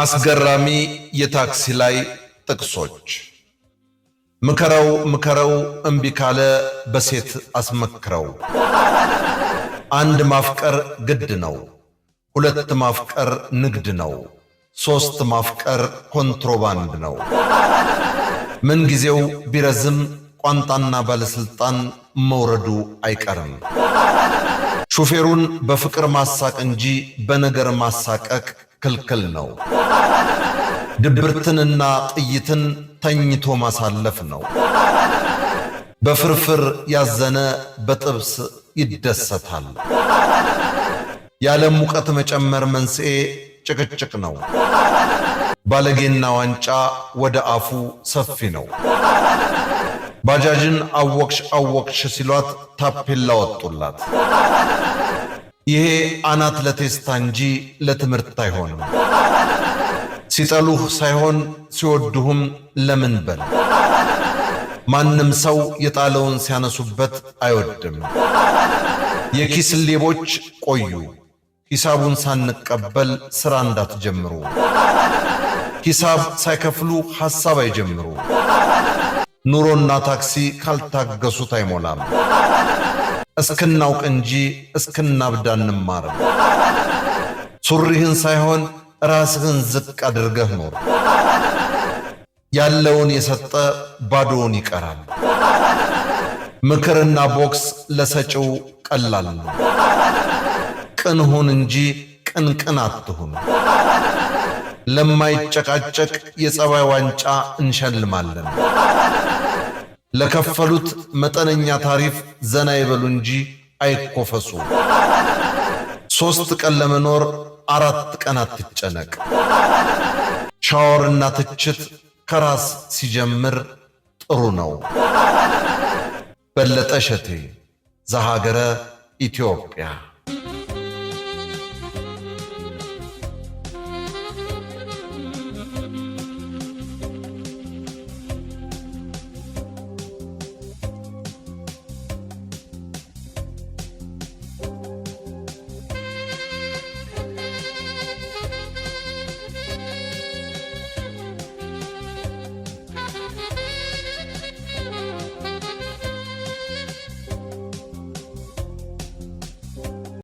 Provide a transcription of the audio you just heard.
አስገራሚ የታክሲ ላይ ጥቅሶች። ምከረው ምከረው እምቢ ካለ በሴት አስመክረው። አንድ ማፍቀር ግድ ነው። ሁለት ማፍቀር ንግድ ነው። ሶስት ማፍቀር ኮንትሮባንድ ነው። ምንጊዜው ቢረዝም ቋንጣና ባለስልጣን መውረዱ አይቀርም። ሹፌሩን በፍቅር ማሳቅ እንጂ በነገር ማሳቀቅ ክልክል ነው። ድብርትንና ጥይትን ተኝቶ ማሳለፍ ነው። በፍርፍር ያዘነ በጥብስ ይደሰታል። የዓለም ሙቀት መጨመር መንስኤ ጭቅጭቅ ነው። ባለጌና ዋንጫ ወደ አፉ ሰፊ ነው። ባጃጅን አወቅሽ አወቅሽ ሲሏት ታፔላ ወጡላት። ይሄ አናት ለቴስታ እንጂ ለትምህርት አይሆንም። ሲጠሉህ ሳይሆን ሲወድሁም ለምን በል። ማንም ሰው የጣለውን ሲያነሱበት አይወድም። የኪስ ሌቦች ቆዩ፣ ሂሳቡን ሳንቀበል ሥራ እንዳትጀምሩ። ሂሳብ ሳይከፍሉ ሐሳብ አይጀምሩ። ኑሮና ታክሲ ካልታገሱት አይሞላም። እስክናውቅ እንጂ እስክናብድ አንማርም። ሱሪህን ሳይሆን ራስህን ዝቅ አድርገህ ኖር። ያለውን የሰጠ ባዶውን ይቀራል። ምክርና ቦክስ ለሰጪው ቀላል ነው። ቅን ሁን እንጂ ቅንቅን አትሁን። ለማይጨቃጨቅ የጸባይ ዋንጫ እንሸልማለን። ለከፈሉት መጠነኛ ታሪፍ ዘና ይበሉ እንጂ አይኮፈሱ። ሶስት ቀን ለመኖር አራት ቀን አትጨነቅ። ሻወርና ትችት ከራስ ሲጀምር ጥሩ ነው። በለጠ ሸቴ ዘሀገረ ኢትዮጵያ